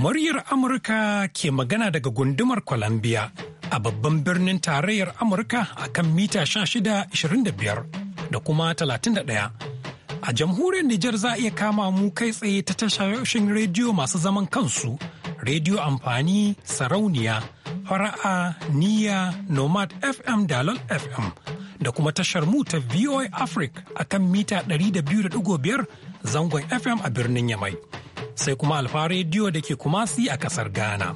Muryar Amurka ke magana daga gundumar Columbia a babban birnin tarayyar Amurka a kan mita ishirin da kuma 31. A jamhuriyar Nijar za a iya kama mu kai tsaye ta tashoshin rediyo masu zaman kansu, rediyo amfani sarauniya, fara'a, niya, nomad FM dalol FM da kuma tashar mu ta VOA Africa a kan mita 200.5 zangon FM a birnin Yamai. sai kuma Alfa rediyo da ke Kumasi a kasar Ghana.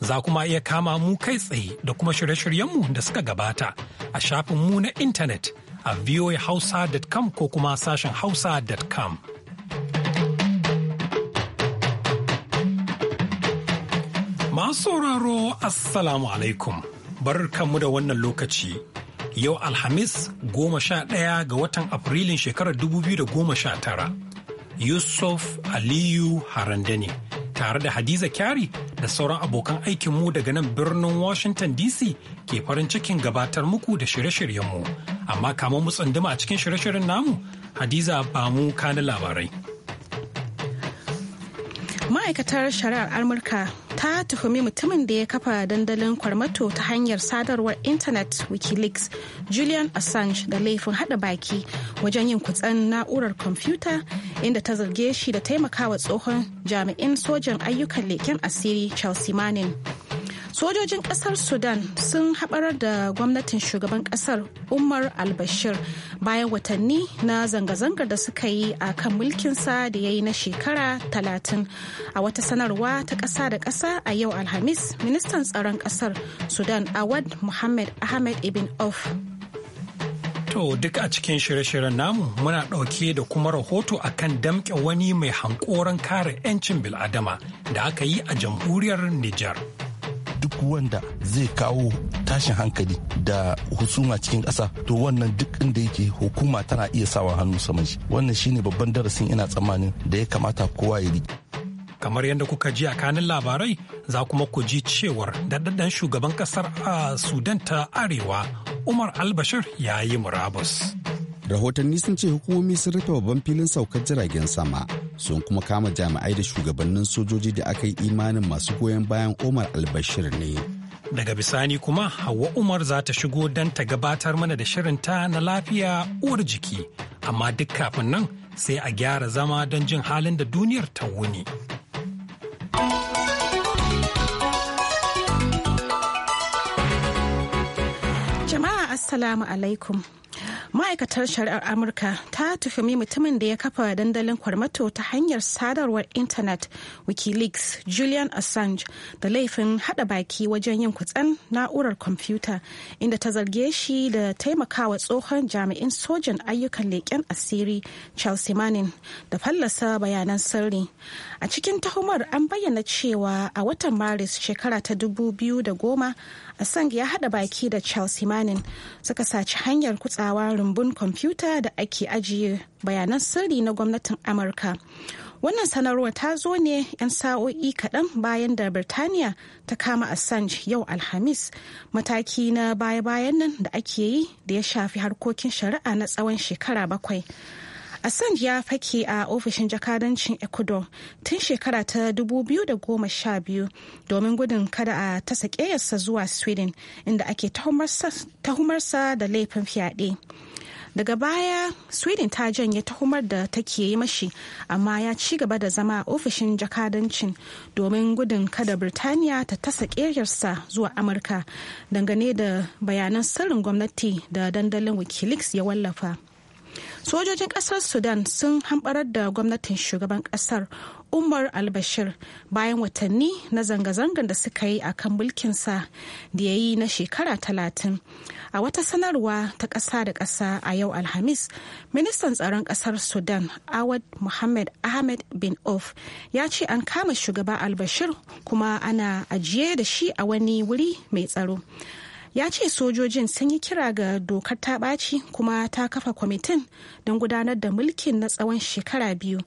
Za kuma iya kama mu kai tsaye da kuma shirye-shiryenmu da suka gabata a shafin mu na intanet a voahausa.com ko kuma sashen hausa.com. Masu sauraro Assalamu alaikum, bar kanmu da wannan lokaci yau Alhamis goma sha ɗaya ga watan Afrilun shekarar tara. Yusuf Aliyu Harande ne tare da Hadiza Kyari da sauran abokan aikinmu daga nan birnin Washington DC ke farin cikin gabatar muku da shirye-shiryenmu. Amma kamar mu tsunduma a cikin shirye-shiryen namu, Hadiza ba mu kani labarai. ma'aikatar shari'ar amurka ta tuhumi mutumin da ya kafa dandalin kwarmato ta hanyar sadarwar intanet wikileaks julian assange da laifin hada baki wajen yin kutsen na'urar kwamfuta inda ta zarge shi da taimakawa tsohon jami'in sojan ayyukan leken asiri chelsea manning sojojin kasar sudan sun haɓarar da gwamnatin shugaban kasar umar albashir bayan watanni na zanga-zangar da suka yi a kan mulkinsa da ya yi na shekara talatin a wata sanarwa ta ƙasa da ƙasa a yau alhamis ministan tsaron ƙasar sudan awad muhammad ahmed ibn auf To duk a cikin shirye-shiryen namu muna ɗauke da kuma rahoto a kan damƙe wani mai hankoron kare 'yancin bil'adama da aka yi a jamhuriyar Nijar. duk wanda zai kawo tashin hankali da husuma cikin ƙasa to wannan duk inda yake hukuma tana iya sawa hannu saman shi wannan shine babban darasin ina tsammanin da ya kamata kowa ya riƙe kamar yadda kuka ji a kanin labarai za kuma ku ji cewar daɗaɗɗen shugaban ƙasar a sudan ta arewa umar albashir ya yi murabus rahotanni sun ce hukumomi sun rufe babban filin saukar jiragen sama sun kuma kama jami'ai da shugabannin sojoji da aka yi imanin masu goyon bayan Umar al-Bashir ne daga bisani kuma hawa umar za ta shigo don ta gabatar mana da shirinta na lafiya uwar jiki amma duk kafin nan sai a gyara zama don jin halin da duniyar ta wuni jama'a assalamu alaikum ma'aikatar shari'ar amurka ta tuhumi mutumin da ya kafa dandalin kwarmato ta hanyar sadarwar intanet wikileaks julian assange da laifin hada baki wajen yin kutsen na'urar kwamfuta inda ta zarge shi da taimakawa tsohon jami'in sojan ayyukan leƙen asiri chelsea manning da fallasa bayanan sirri a cikin tahumar an bayyana cewa a watan maris shekara ta dubu biyu da 2010 assange ya haɗa baki da charles himanin suka saci hanyar kutsawa rumbun kwamfuta da ake ajiye bayanan sirri na gwamnatin amurka wannan sanarwa ta zo ne 'yan sa'o'i kaɗan bayan da birtaniya ta kama assange yau alhamis mataki na baya-bayan nan da ake yi da ya shafi harkokin shari'a na tsawon shekara bakwai Assange ya fake a ofishin jakadancin Ecuador tun shekara ta 2012 domin gudun kada a ta yasa zuwa Sweden inda ake tuhumarsa da laifin fyaɗe. Daga baya Sweden ta janye tahumar da take yi mashi amma ya ci gaba da zama a ofishin jakadancin domin gudun kada Birtaniya ta tasa ƙeyarsa zuwa Amurka dangane da bayanan sirrin gwamnati da dandalin Wikileaks ya wallafa. sojojin kasar sudan sun hamɓarar da gwamnatin shugaban kasar umar albashir bayan watanni na zanga-zangar da suka yi a kan mulkinsa da ya yi na shekara talatin a wata sanarwa ta ƙasa da ƙasa a yau alhamis ministan tsaron ƙasar sudan awad muhammad ahmed bin of ya ce an kama shugaba albashir kuma ana ajiye da shi a wani wuri mai tsaro ya ce sojojin sun yi kira ga dokar ta ɓaci kuma ta kafa kwamitin don gudanar da mulkin na tsawon shekara biyu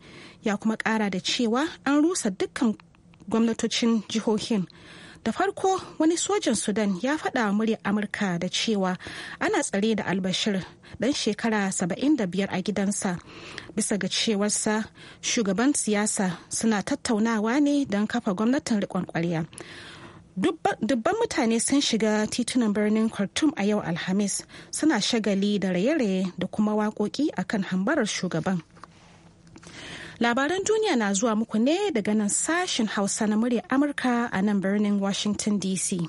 ya kuma ƙara da cewa an rusa dukkan gwamnatocin jihohin da farko wani sojan sudan ya faɗa murya amurka da cewa ana tsare da albashir dan shekara 75 a gidansa bisa ga cewarsa shugaban siyasa suna tattaunawa ne don kafa gwamnatin riƙon ƙwarya dubban mutane sun shiga titunan birnin khartoum a yau alhamis suna shagali da raye-raye da kuma waƙoƙi akan hambarar shugaban labaran duniya na zuwa muku ne daga nan sashen hausa na murya amurka a nan birnin washington dc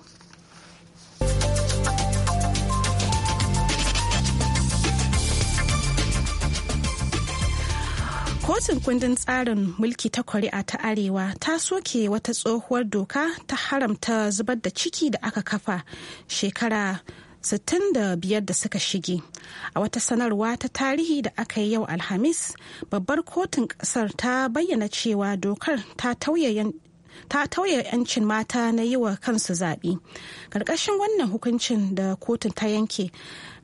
Kotun kundin tsarin mulki ta Kori'a ta Arewa ta soke wata tsohuwar doka ta haramta zubar da ciki da aka kafa shekara 65 da suka shige. A wata sanarwa ta tarihi da aka yi yau Alhamis, babbar kotun kasar ta bayyana cewa dokar ta tauye ta tauye 'yancin mata na yi wa kansu zaɓi Ƙarƙashin wannan hukuncin da kotun ta yanke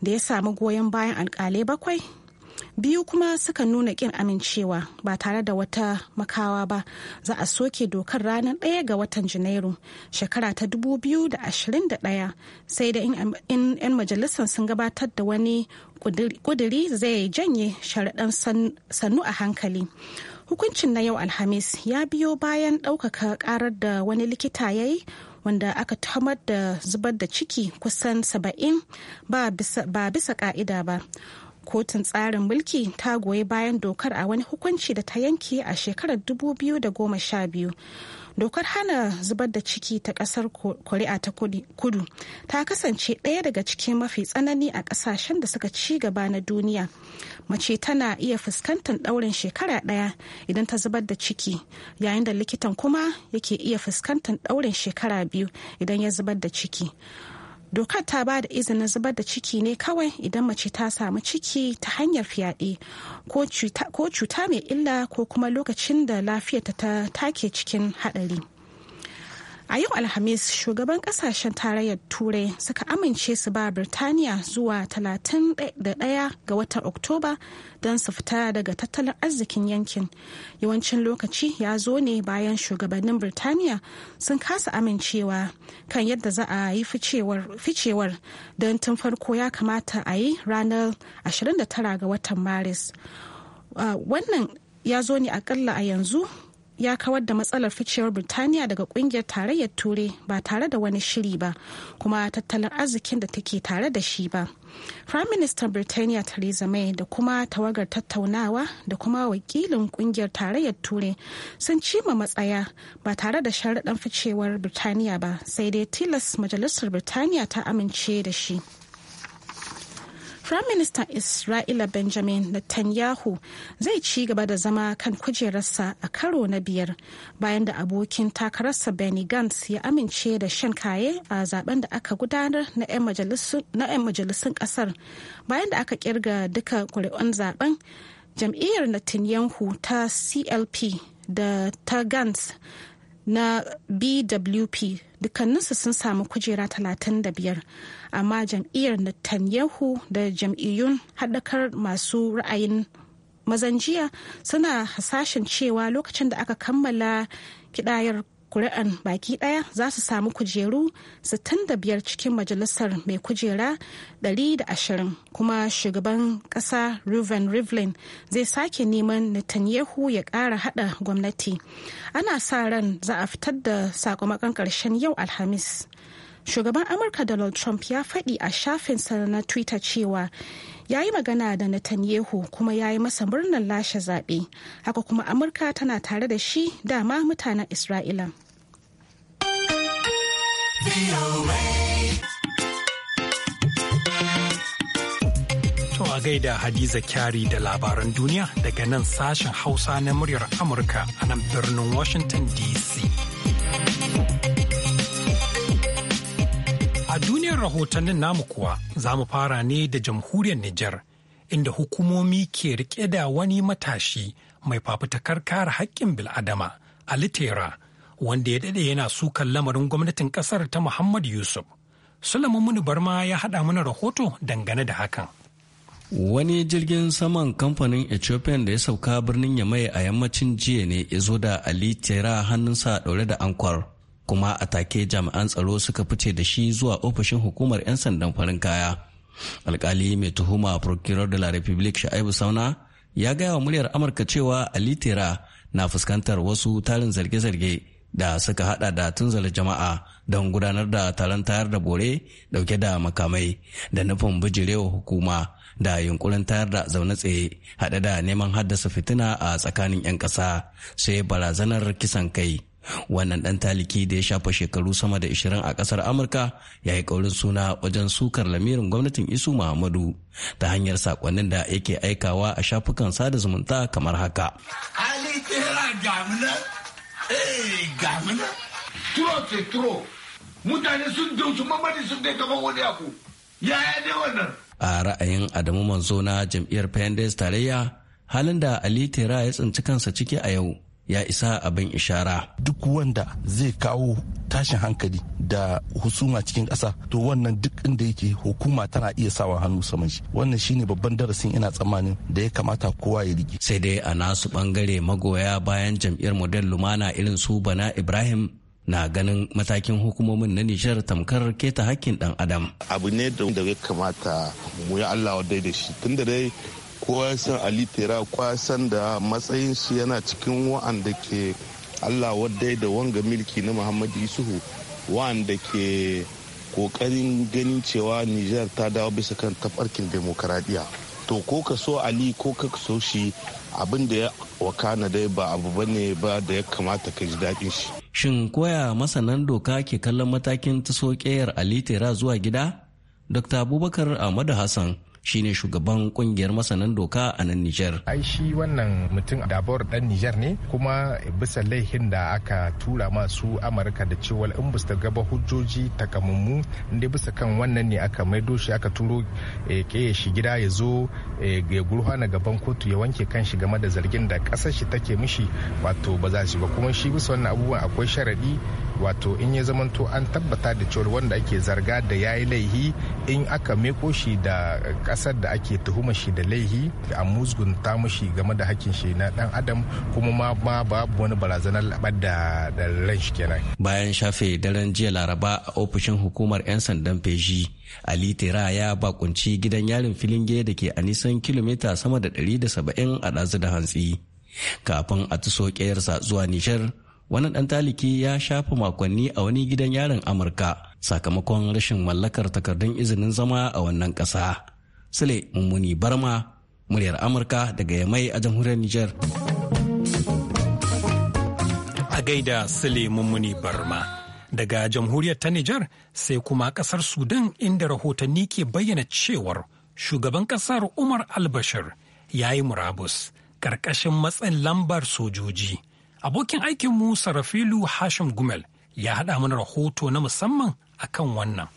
da ya samu goyon bayan alƙalai bakwai biyu kuma suka nuna kin amincewa ba tare da wata makawa ba za a soke dokar ranar ɗaya ga watan janairu shekara ta 2021 sai da in 'yan majalisar sun gabatar da wani kuduri zai janye sharaɗan sannu a hankali hukuncin na yau alhamis ya biyo bayan ɗaukaka ƙarar da wani likita ya yi wanda aka tamar da zubar da ciki kusan saba'in ba bisa ka'ida ba kotun tsarin mulki ta goyi bayan dokar a wani hukunci da ta yanke a shekarar 2012 dokar hana zubar da ciki ta kasar korea ta kudu ta kasance ɗaya daga cikin mafi tsanani a kasashen da suka ci gaba na duniya mace tana iya fuskantar ɗaurin shekara ɗaya idan ta zubar da ciki yayin da likitan kuma yake iya fuskantar ɗaurin shekara biyu idan ya zubar da ciki dokar ta ba da izinin zubar da ciki ne kawai idan mace ta samu ciki ta hanyar fyaɗe ko cuta mai illa ko kuma lokacin da lafiyarta ta take cikin haɗari. a yau alhamis shugaban kasashen tarayyar turai suka amince su ba birtaniya zuwa 31 ga watan oktoba don su fita daga tattalin arzikin yankin yawancin lokaci ya zo ne bayan shugabannin birtaniya sun kasa amincewa kan yadda za a yi ficewar don tun farko ya kamata a yi ranar 29 ga watan maris uh, wannan ya zo ne akalla a yanzu ya kawar da matsalar ficewar Birtaniya daga kungiyar tarayyar Turai ba tare da wani shiri ba kuma tattalin arzikin da take tare da shi ba. Prime Minister Birtaniya Theresa May da kuma tawagar tattaunawa da kuma wakilin kungiyar tarayyar Turai sun cima matsaya ba tare da sharaɗan ficewar Birtaniya ba sai dai tilas Majalisar Birtaniya ta amince da shi. minister Isra'ila Benjamin Netanyahu zai ci gaba da zama kan kujerarsa a karo na biyar bayan da abokin takararsa Benny Gantz ya amince da shan kaye a zaben da aka gudanar na 'yan majalisun kasar bayan da aka kirga duka kuri'un zaben jam'iyyar Netanyahu ta CLP da ta Gantz na bwp dukkaninsu sun samu kujera 35 amma jam'iyyar netanyahu da jam'iyyun haɗakar masu ra'ayin mazan jiya suna hasashen cewa lokacin da aka kammala kidayar kuri'an baki daya za su samu kujeru 65 cikin majalisar mai kujera 120 kuma shugaban kasa ruven rivlin zai sake neman netanyahu ya kara hada gwamnati ana sa ran za a fitar da sakamakon karshen yau alhamis shugaban amurka donald trump ya faɗi a shafinsa na twitter cewa ya yi magana da Netanyahu kuma ya yi masa murnar lashe zaɓe haka kuma Amurka tana tare da shi dama mutanen Isra'ila. To a gaida Hadiza Kyari da labaran duniya daga nan sashen Hausa na muryar Amurka a nan birnin Washington DC. duniyar rahotannin namu kuwa za mu fara ne da jamhuriyar Nijar, inda hukumomi ke rike da wani matashi mai fafutakar kare haƙƙin bil'adama a litera wanda ya daɗe yana sukan lamarin gwamnatin ƙasar ta Muhammad Yusuf. Sulaiman Muni Barma ya haɗa mana rahoto dangane da hakan. wani jirgin saman kamfanin ethiopian da ya sauka birnin yamai a yammacin jiya ne ya zo da ali tera hannunsa daure da ankwar kuma a take jami'an tsaro suka fice da shi zuwa ofishin hukumar 'yan sandan farin kaya alkali mai tuhuma Procuror de la republique sha'ibu sauna ya gaya wa muryar amurka cewa alitera na fuskantar wasu tarin zarge-zarge da suka hada da tunzala jama'a don gudanar da taron tayar da bore dauke da makamai da nufin bijirewa hukuma da yunkurin tayar da zaune tsaye hada da neman haddasa fitina a tsakanin 'yan ƙasa sai barazanar kisan kai wannan dan taliki da ya shafa shekaru sama da 20 a kasar amurka ya yi kaurin suna wajen sukar lamirin gwamnatin isu muhammadu ta hanyar sakonnin da yake aikawa a shafukan sada zumunta kamar haka a ra'ayin adamu manzo na jam'iyyar pendes tarayya halin da ali tera ya tsinci kansa ciki a yau ya isa abin ishara. Duk wanda zai kawo tashin hankali da husuma cikin ƙasa to wannan duk inda yake hukuma tana iya sawa hannu saman shi. Wannan shine babban darasin ina tsammanin da ya kamata kowa ya rige. Sai dai a nasu bangare magoya bayan jam'iyyar model lumana irin su bana Ibrahim na ganin matakin hukumomin na Nijar tamkar keta hakkin dan adam. Abu ne da ya kamata mu yi Allah wadai da shi tun da dai kowa san ali kwasan kowa san da matsayin su yana cikin wa'anda ke allah wadai da wanga milki na muhammadu isuhu wa'anda ke kokarin ganin cewa niger ta dawo bisa kan tafarkin demokaradiyya to ko ka so ali ko ka so shi abin da ya wakana dai ba abu ne ba da ya kamata ka ji daɗin shi shin koya masanan doka ke kallon matakin tasokeyar ali tera zuwa gida dr abubakar ahmadu hassan shine shugaban kungiyar masanan doka a nan Nijar. aishi wannan mutum a dabar dan Nijar ne kuma bisa laihin da aka tura masu Amurka da cewa in bisa gaba hujjoji takamammu inda bisa kan wannan ne aka maido shi aka turo eh, ke shi gida ya zo eh, ya gurhana gaban kotu ya wanke kan shi game da zargin da kasar shi take mishi wato ba za shi ba kuma shi bisa wannan abubuwan akwai sharadi wato in ya zamanto an tabbata da cewa wanda ake zarga da yayi laihi in aka meko shi da kasar da ake tuhuma shi da laihi da a musgunta mushi game da hakkin shi na dan adam kuma ma ba babu wani barazanar labar da ran shi kenan bayan shafe daren jiya laraba a ofishin hukumar yan sandan feji ali tera ya bakunci gidan yarin filinge da ke a nisan kilomita sama da 170 a ɗazu da hantsi kafin a tuso kayarsa zuwa nishar wani ɗan taliki ya shafa makonni a wani gidan yarin amurka sakamakon rashin mallakar takardun izinin zama a wannan ƙasa Sule Mummuni Barma, muryar Amurka daga Yamai a jamhuriyar Nijar. A gaida Sule Mummuni Barma. daga jamhuriyar ta Nijar sai kuma kasar Sudan inda rahotanni ke bayyana cewar shugaban kasar Umar Albashir ya yi murabus ƙarƙashin matsin lambar sojoji. Abokin aikin aikinmu Sarafilu Hashim Gumel ya haɗa mana rahoto na musamman akan wannan.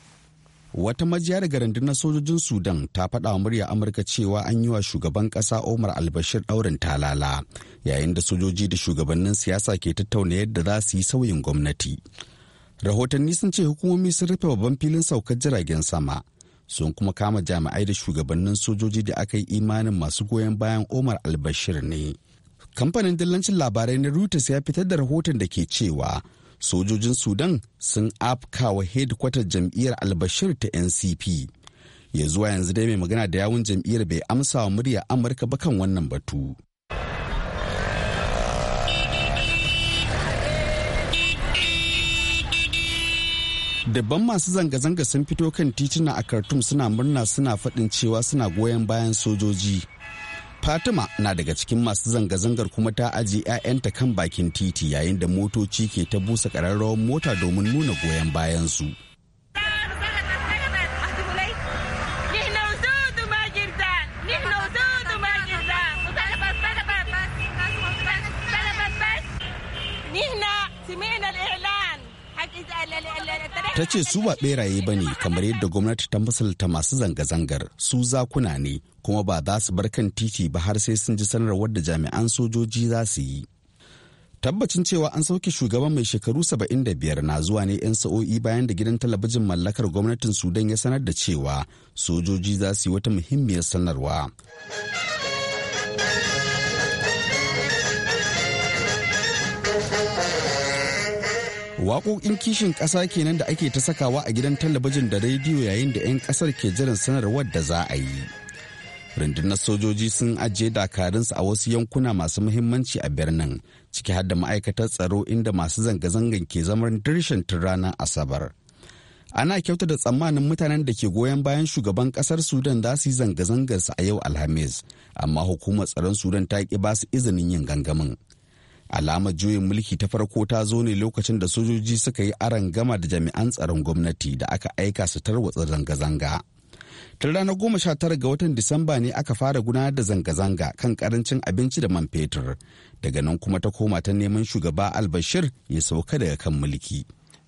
wata majiya daga rundunar sojojin sudan ta faɗa wa murya amurka cewa an yi wa shugaban ƙasa omar albashir ɗaurin talala yayin da sojoji da shugabannin siyasa ke tattauna yadda za su yi sauyin gwamnati rahotanni sun ce hukumomi sun rufe babban filin saukar jiragen sama sun kuma kama jami'ai da shugabannin sojoji da aka yi imanin masu goyon bayan omar albashir ne kamfanin dillancin labarai na reuters ya fitar da rahoton da ke cewa sojojin sudan sun afkawa hedkwatar jam'iyyar albashir ta ncp ya zuwa yanzu dai mai magana da yawun jam'iyyar bai amsa wa murya amurka ba kan wannan batu dabban masu zanga-zanga sun fito kan tituna a khartoum suna murna suna faɗin cewa suna goyon bayan sojoji Fatima na daga cikin masu zanga-zangar kuma ta ajiye 'ya'yanta kan bakin titi yayin da motoci ke ta busa ƙararrawar mota domin nuna goyon bayansu. su. ta ce su ba ɓeraye ba ne kamar yadda gwamnati ta misalta masu zanga-zangar su zakuna ne kuma ba za su bar kan titi ba har sai sun ji sanarwar da jami'an sojoji za su yi tabbacin cewa an sauke shugaban mai shekaru 75 na zuwa ne 'yan sa'o'i bayan da gidan talabijin mallakar gwamnatin sudan ya sanar da cewa sojoji za su yi wata muhimmiyar sanarwa Waƙoƙin kishin ƙasa kenan da ake ta sakawa a gidan talabijin da rediyo yayin da 'yan ƙasar ke jiran sanarwar da za a yi. rundunar sojoji sun ajiye dakarunsu a wasu yankuna masu muhimmanci a birnin ciki har da ma'aikatar tsaro inda masu zanga-zangan ke zaman dirshin tun ranar asabar ana kyauta da tsammanin mutanen da ke goyon bayan shugaban kasar sudan za su yi zanga-zangar su a yau alhamis amma hukumar tsaron sudan ta ki ba su izinin yin gangamin alamar juyin mulki ta farko ta zo ne lokacin da sojoji suka yi aron gama da jami'an tsaron gwamnati da aka aika su tarwatsa zanga-zanga tun ranar goma sha tara ga watan disamba ne aka fara gudanar da zanga-zanga kan karancin abinci da man fetur daga nan kuma ta koma ta neman shugaba albashir ya sauka daga kan mulki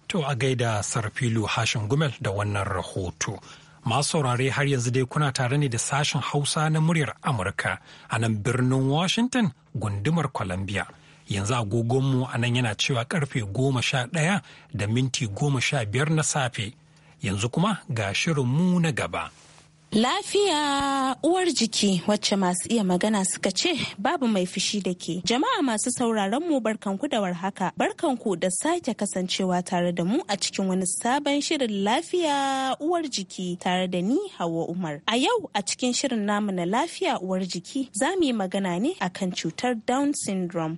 to a gaida sarfilu hashin gumel da wannan rahoto masu saurare har yanzu dai kuna tare ne da sashen hausa na muryar amurka a nan birnin washington gundumar columbia yanzu agogonmu a nan yana cewa karfe goma sha ɗaya da minti goma sha biyar na safe yanzu kuma ga shirinmu na gaba. Lafiya uwar jiki wacce masu iya magana suka ce babu mai fushi da ke. Jama'a masu sauraron mu barkanku da warhaka. Barkanku da sake kasancewa tare da mu a cikin wani sabon shirin lafiya uwar jiki tare da ni Hawa Umar. A yau a cikin shirin namu na lafiya uwar jiki za mu yi magana ne akan cutar Down syndrome.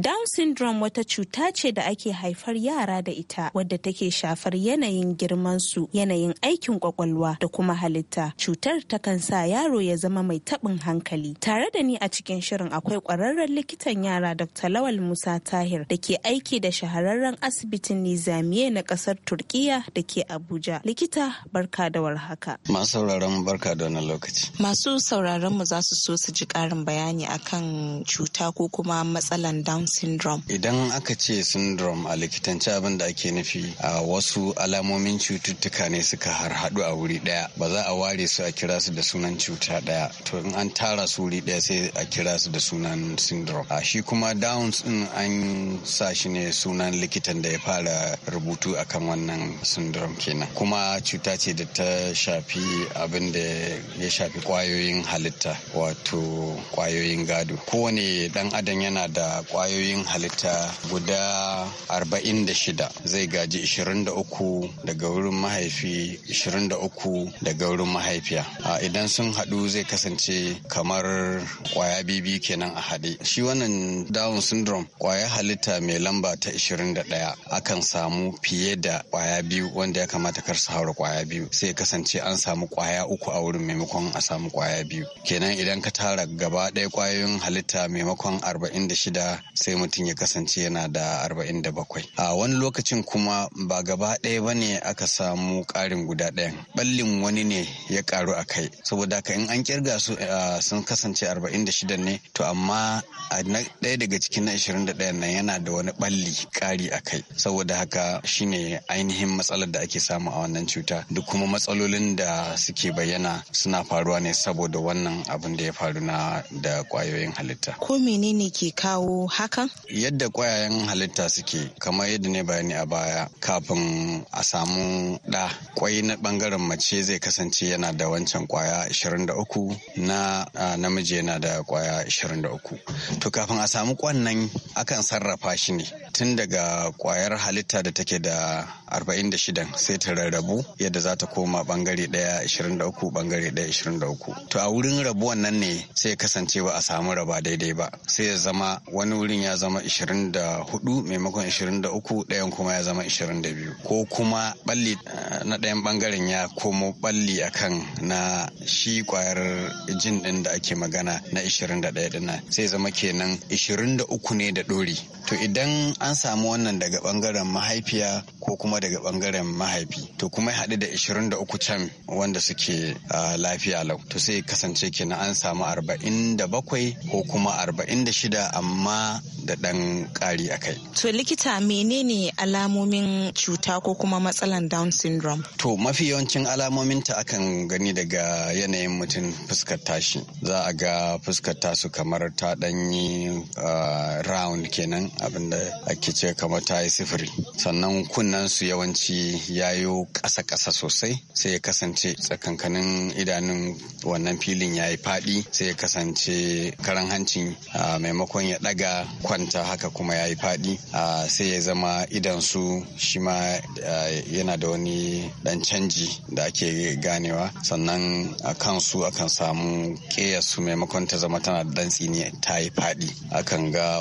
Down syndrome wata cuta ce da ake haifar yara da ita wadda take shafar yanayin girmansu, yanayin aikin kwakwalwa da kuma halitta. Cutar takan sa yaro ya zama mai taɓin hankali. Tare da ni a cikin shirin akwai ƙwararren likitan yara Dr. Lawal Musa Tahir da ke aiki da shahararren asibitin Nizamiye na ƙasar Turkiya da ke Abuja. Likita barka da warhaka. Masu sauraron barka da wani lokaci. Masu sauraron mu za su so su ji ƙarin bayani akan cuta ko kuma matsalan Down syndrome. Idan aka ce syndrome a likitance abin da ake nufi a wasu alamomin cututtuka ne suka harhaɗu a wuri ɗaya ba za a ware su a kira su da sunan cuta ɗaya to in an tara su wuri ɗaya sai a kira su da sunan syndrome. A shi kuma downs ɗin an sa shi ne sunan likitan da ya fara rubutu akan wannan syndrome kenan kuma cuta ce da ta shafi abin da ya shafi kwayoyin halitta wato kwayoyin gado kowane dan adam yana da kwayoyin ƙwayoyin halitta guda 46 zai gaji 23 daga wurin mahaifi 23 daga wurin mahaifiya idan sun haɗu zai kasance kamar ƙwaya bibi kenan a haɗe shi wannan down syndrome ƙwaya halitta mai lamba ta 21 akan samu fiye da ƙwaya biyu wanda ya kamata kar su haura ƙwaya biyu sai kasance an samu ƙwaya uku a wurin maimakon a samu ƙwaya biyu kenan idan ka tara gaba ɗaya ƙwayoyin halitta maimakon 46 sai sai mutum ya kasance yana da 47 a wani lokacin kuma ba gaba ɗaya ba ne aka samu ƙarin guda ɗayan ɓallin wani ne ya ƙaru a kai saboda haka in an kirga su sun kasance 46 ne to amma a ɗaya daga cikin na 21 nan yana da wani ɓalli ƙari a kai saboda haka shine ainihin matsalar da ake samu a wannan cuta duk kuma matsalolin da suke bayyana suna faruwa ne saboda wannan abin da ya faru na da ƙwayoyin halitta ko menene ke kawo haka hakan? Yadda ƙwayayen halitta suke kamar yadda ne bayani a baya kafin a samu ɗa kwai na ɓangaren mace zai kasance yana da wancan kwaya 23 na namiji yana da kwaya 23. To kafin a samu kwannan akan sarrafa shi ne tun daga kwayar halitta da take da 46 sai ta rarrabu yadda za ta koma ɓangare ɗaya 23 ɓangare ɗaya 23. To a wurin rabuwan nan ne sai kasance ba a samu raba daidai ba sai ya zama wani wurin ɗayan ya zama 24 maimakon 23 ɗayan kuma ya zama 22 ko kuma balli eh, na ɗayan bangaren ya komo balli akan na shi kwayar jin ɗin da ake magana na 21 ɗin sai zama kenan 23 ne da ɗori to idan an samu wannan daga bangaren mahaifiya ko kuma daga bangaren mahaifi to kuma haɗu da 23 can wanda suke lafiya lau to sai kasance kenan an samu 47 ko kuma 46 amma da ɗan ƙari a kai. To likita menene alamomin cuta ko kuma matsalan Down syndrome? To mafi yawancin alamomin alamominta akan gani daga yanayin mutum fuskar tashi. Za a ga fuskar tasu kamar ta ɗanyi uh, ah, round kenan abinda ake ce kamar ta yi sifiri. Sannan kunnen su yawanci yayo ƙasa-ƙasa sosai sai ya kasance tsakankanin idanun wannan filin ya yi faɗi sai ya kasance karan hancin uh, maimakon ya ɗaga kwanta haka kuma ya yi faɗi sai ya zama idan su shi ma yana da wani ɗan canji da ake ganewa sannan a kansu akan samu su maimakon ta zama tana da ɗan tsini ta yi faɗi akan ga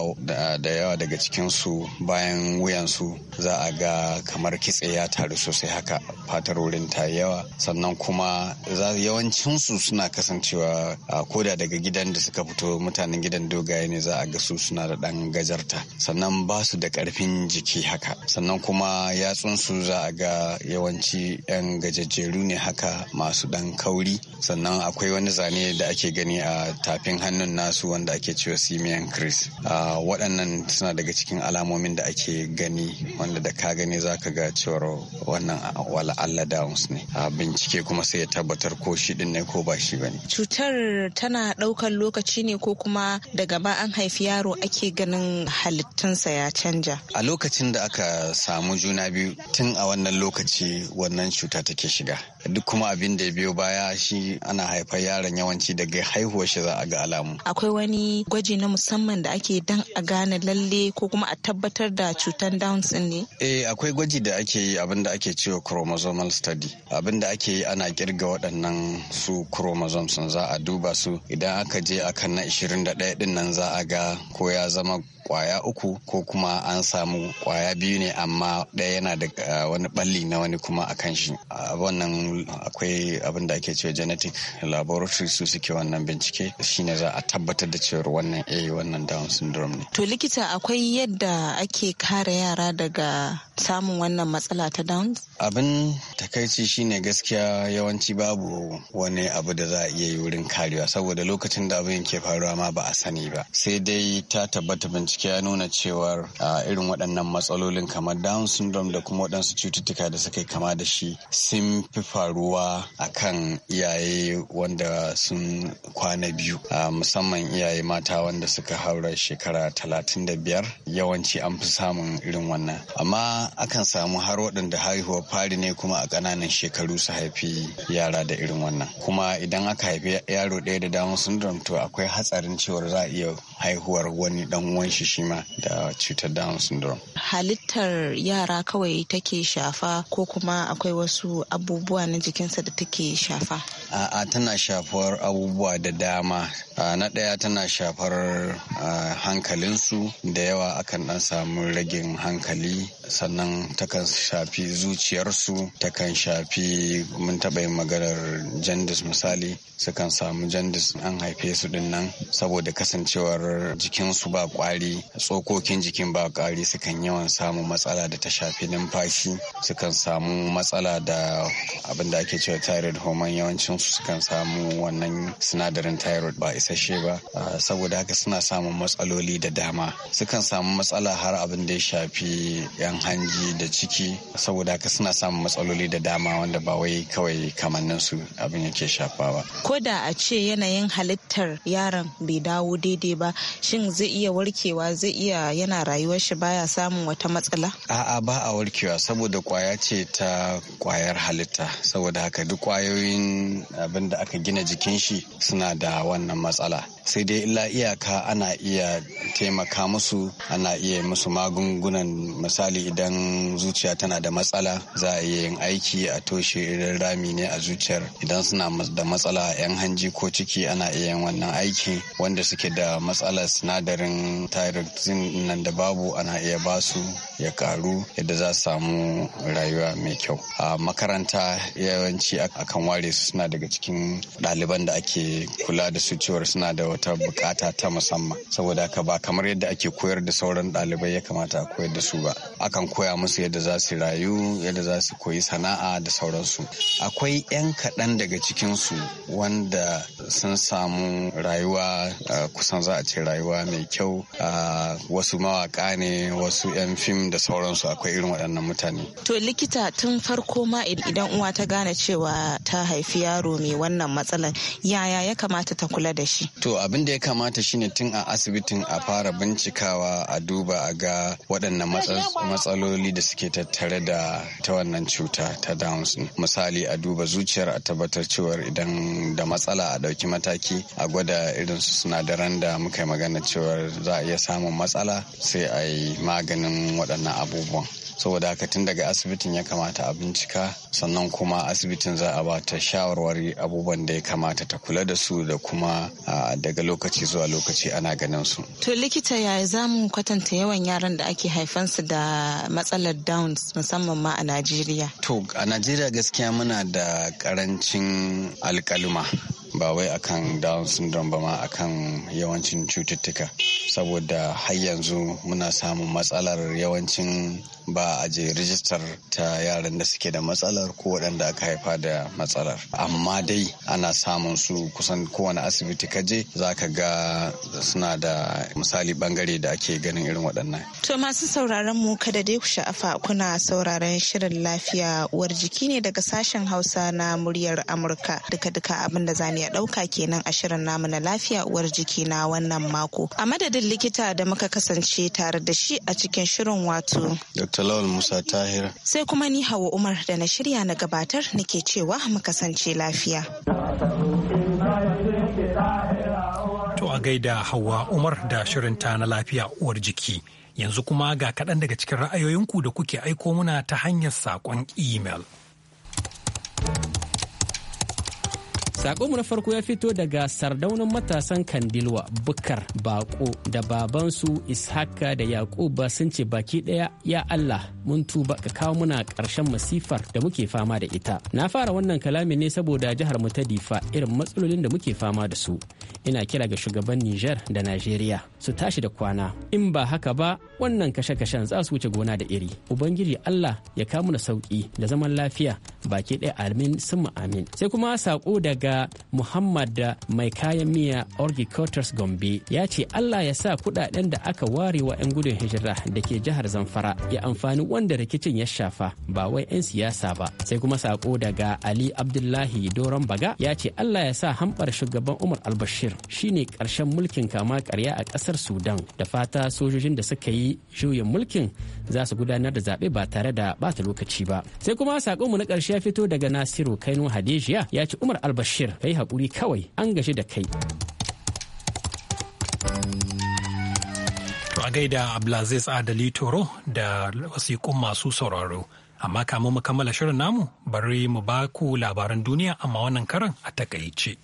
da yawa daga cikinsu bayan wuyansu za a ga kamar kitse ya taru sosai haka fatar wurin ta yawa sannan kuma yawancinsu suna kasancewa koda daga gidan da suka fito mutanen gidan dogaye ne za a ga su suna da ɗan gajarta sannan ba su da karfin jiki haka sannan kuma yatsunsu za a ga yawanci 'yan gajajjeru ne haka masu ɗan kauri sannan akwai wani zane da ake gani a tafin hannun nasu wanda ake cewa simian chris waɗannan suna daga cikin alamomin da ake gani wanda da ka gani za ka ga cewar wannan wala Allah downs ne a bincike kuma sai ya tabbatar ko shi ɗin ne ko ba shi ba ne cutar tana ɗaukar lokaci ne ko kuma daga gaba an haifi yaro ake ganin halittunsa ya canja. A lokacin da aka samu juna biyu tun a wannan lokaci wannan cuta take shiga. duk kuma abin da ya biyo baya shi ana haifar yaron yawanci daga haihuwar shi za a ga alamu akwai wani gwaji na musamman da ake dan a gane lalle ko kuma a tabbatar da cutar downs ne eh akwai gwaji da ake yi abin da ake cewa chromosomal study abin da ake yi ana kirga waɗannan su chromosomes za a duba su idan aka je akan na 21 din nan za a ga ko ya zama kwaya uku ko kuma an samu kwaya biyu ne amma ɗaya yana da wani balli na wani kuma a kan shi wannan akwai abin da ake cewa genetic laboratory su suke wannan bincike shine za a tabbatar da cewar wannan a eh, wannan down syndrome ne to likita akwai yadda ake kare yara daga samun wannan matsala ta down abin takaici shine gaskiya yawanci babu wani abu da za a iya yi wurin karewa saboda lokacin da abin ke faruwa ma ba a sani ba sai dai ta tabbata bincike bincike ya nuna cewar irin waɗannan matsalolin kamar down syndrome da kuma waɗansu cututtuka da suka kama da shi sun fi faruwa akan iyaye wanda sun kwana biyu musamman iyaye mata wanda suka haura shekara talatin da biyar yawanci an fi samun irin wannan amma akan samu har waɗanda haihuwa fari ne kuma a ƙananan shekaru su haifi yara da irin wannan kuma idan aka haifi yaro ɗaya da down syndrome to akwai hatsarin cewar za a iya haihuwar wani ɗan uwan shi shi ma da cutar down syndrome halittar yara kawai take shafa ko kuma akwai wasu abubuwa na jikinsa da take shafa A'a tana shafar abubuwa da dama. Na ɗaya tana shafar hankalinsu da yawa akan ɗan samu ragin hankali sannan takan shafi zuciyarsu takan shafi mun taɓa yin maganar jandis misali sukan samu jandis an haife su din nan saboda kasancewar jikinsu ba kwari tsokokin jikin ba kwari sukan yawan samu matsala da ta shafi numfashi sukan samu matsala da abin da ake cewa thyroid hormone yawancin kansu sukan samu wannan sinadarin thyroid ba isasshe ba saboda haka suna samun matsaloli da dama sukan samu matsala har abin da ya shafi yan hanji da ciki saboda haka suna samun matsaloli da dama wanda ba wai kawai kamannin su abin yake shafa ba ko da a ce yanayin halittar yaron bai dawo daidai ba shin zai iya warkewa zai iya yana rayuwar shi baya samun wata matsala a'a ba a warkewa saboda kwaya ce ta kwayar halitta saboda haka duk kwayoyin abin da aka gina jikin shi suna da wannan matsala sai dai illa iyaka ana iya taimaka musu ana iya musu magungunan misali idan zuciya tana da matsala za a iya yin aiki a toshe irin rami ne a zuciyar idan suna da matsala yan hanji ko ciki ana iya yin wannan aiki wanda suke da matsalar sinadarin thyroxine nan da babu ana iya basu ya karu yadda za su samu rayuwa mai kyau a makaranta yawanci akan ware su suna daga cikin ɗaliban da ake kula da su cewar suna da wata bukata ta musamman saboda haka ba kamar yadda ake koyar da sauran dalibai ya kamata a koyar da su ba akan koya musu yadda za su rayu yadda za su koyi sana'a da sauransu akwai 'yan kaɗan daga cikin su wanda sun samu rayuwa kusan za a ce rayuwa mai kyau wasu mawaka ne wasu 'yan fim da sauransu akwai irin waɗannan mutane to likita tun farko ma idan uwa ta gane cewa ta haifi yaro mai wannan matsalar yaya ya kamata ta kula da shi to abin da ya kamata shine tun a asibitin a fara bincikawa a duba a ga waɗannan matsaloli da suke tattare da ta wannan cuta ta downs misali a duba zuciyar a tabbatar cewar idan da matsala a ɗauki mataki a gwada irin su sinadaran da muka yi magana cewar za a iya samun matsala sai a yi maganin waɗannan abubuwan saboda haka tun daga asibitin ya kamata a bincika sannan kuma asibitin za a ba ta shawarwari abubuwan da ya kamata ta kula da su da kuma ah, daga lokaci zuwa lokaci ana ganin su. To likita yaya za mu kwatanta yawan yaran da ake haifansu da matsalar Downs musamman ma a Najeriya? To a Najeriya gaskiya muna da karancin alkaluma ba wai akan down syndrome ba ma akan yawancin cututtuka saboda har yanzu muna samun matsalar yawancin ba a je rijistar ta yaran da suke da matsalar ko waɗanda aka haifa da matsalar amma dai ana samun su kusan kowane asibiti ka je za ka ga suna da misali bangare da ake ganin irin waɗannan to masu sauraron mu kada dai ku sha'afa kuna sauraron shirin lafiya uwar jiki ne daga sashen hausa na muryar amurka duka-duka abin da zamu ɗauka kenan a shirin namu na lafiya uwar jiki na wannan mako. A madadin likita da muka kasance tare da shi a cikin shirin wato. Dr. Musa Tahir. Sai kuma ni Hawa Umar da na shirya na gabatar nake cewa mu kasance lafiya. To a gaida Hawa Umar da shirinta na lafiya uwar jiki. Yanzu kuma ga kaɗan daga cikin ra'ayoyinku da kuke aiko muna ta hanyar saƙon imel. mu na farko ya fito daga sardaunin matasan kandilwa bukar bako da babansu ishaka da yakuba sun ce baki daya ya allah mun tuba ka kawo muna ƙarshen masifar da muke fama da ita na fara wannan kalamin ne saboda jihar mu ta difa irin matsalolin da muke fama da su ina kira ga shugaban nijar da najeriya su tashi da kwana in ba haka ba wannan kashe-kashen za su wuce gona da iri ubangiji allah ya kawo muna sauki da zaman lafiya baki ɗaya amin sun amin sai kuma saƙo daga muhammad da mai kayan miya orgi cotters gombe ya ce allah ya sa kuɗaɗen da aka ware wa 'yan gudun hijira da ke jihar zamfara ya amfani wanda rikicin ya shafa ba wai 'yan siyasa ba sai kuma saƙo daga ali abdullahi doron baga ya ce allah ya sa hambar shugaban umar albashir shine ƙarshen mulkin kama karya a ƙasar sudan da fata sojojin da suka yi juyin mulkin za su gudanar da zaɓe ba tare da bata lokaci ba sai kuma mu na ƙarshe ya fito daga nasiru kainu hadejiya ya ci umar albashir yi haƙuri kawai an gashi da kai a gaida abdulaziz adali toro da wasiƙun masu sauraro amma kamun mu kammala shirin namu bari mu ba ku labaran duniya amma wannan karan a takaice.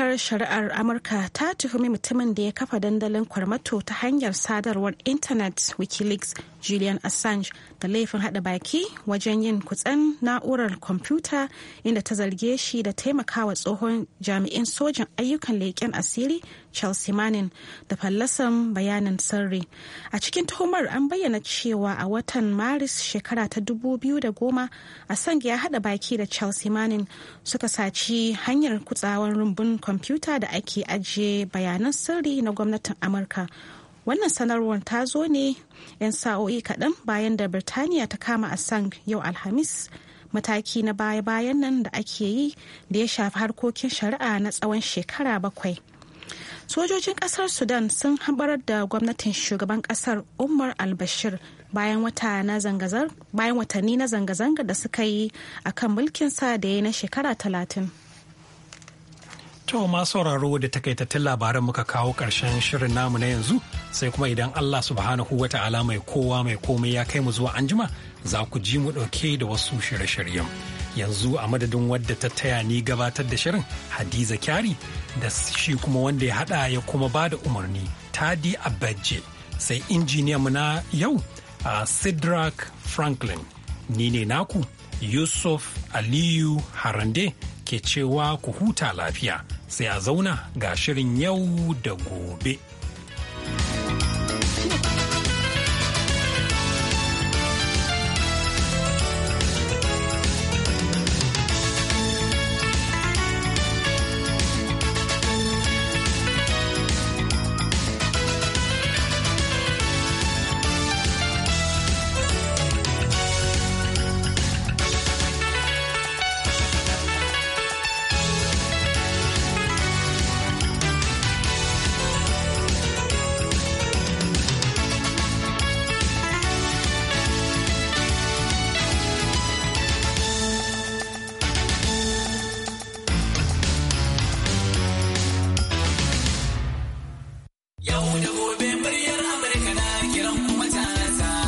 ma'aikatar shari'ar amurka ta tuhumi mutumin da ya kafa dandalin kwarmato ta hanyar sadarwar intanet wikileaks julian assange da laifin hada baki wajen yin kutsen na'urar kwamfuta inda ta zarge shi da taimakawa tsohon jami'in sojan ayyukan leƙen asiri Chelsea Manning da fallasan bayanin sirri. A cikin tuhumar an bayyana cewa a watan Maris shekara ta 2010 sang ya haɗa baki da Chelsea Manning suka saci hanyar kutsawar rumbun kwamfuta da ake ajiye bayanan sirri na gwamnatin Amurka. Wannan sanarwar ta zo ne 'yan sa'o'i kaɗan bayan da Birtaniya ta kama Assange yau Alhamis. mataki na baya-bayan nan da ake yi da ya shafi harkokin shari'a na tsawon shekara bakwai sojojin kasar sudan sun haɓar da gwamnatin shugaban kasar umar albashir bayan watanni na zanga-zanga da suka yi a kan mulkinsa da ya na shekara talatin. To masu sauraro da takaitattun labaran muka kawo ƙarshen shirin namu na yanzu sai kuma idan Allah subhanahu wa ta'ala mai kowa mai komai ya kai mu zuwa anjima za ku ji mu ɗauke da wasu shirye-shiryen. yanzu a madadin wadda ta taya ni gabatar da shirin hadiza kyari da shi kuma wanda ya hada ya kuma ba da umarni tadi abaje sai injiniyanmu na yau a sidrak franklin ni ne naku yusuf aliyu harande ke cewa ku huta lafiya sai a zauna ga shirin yau da gobe.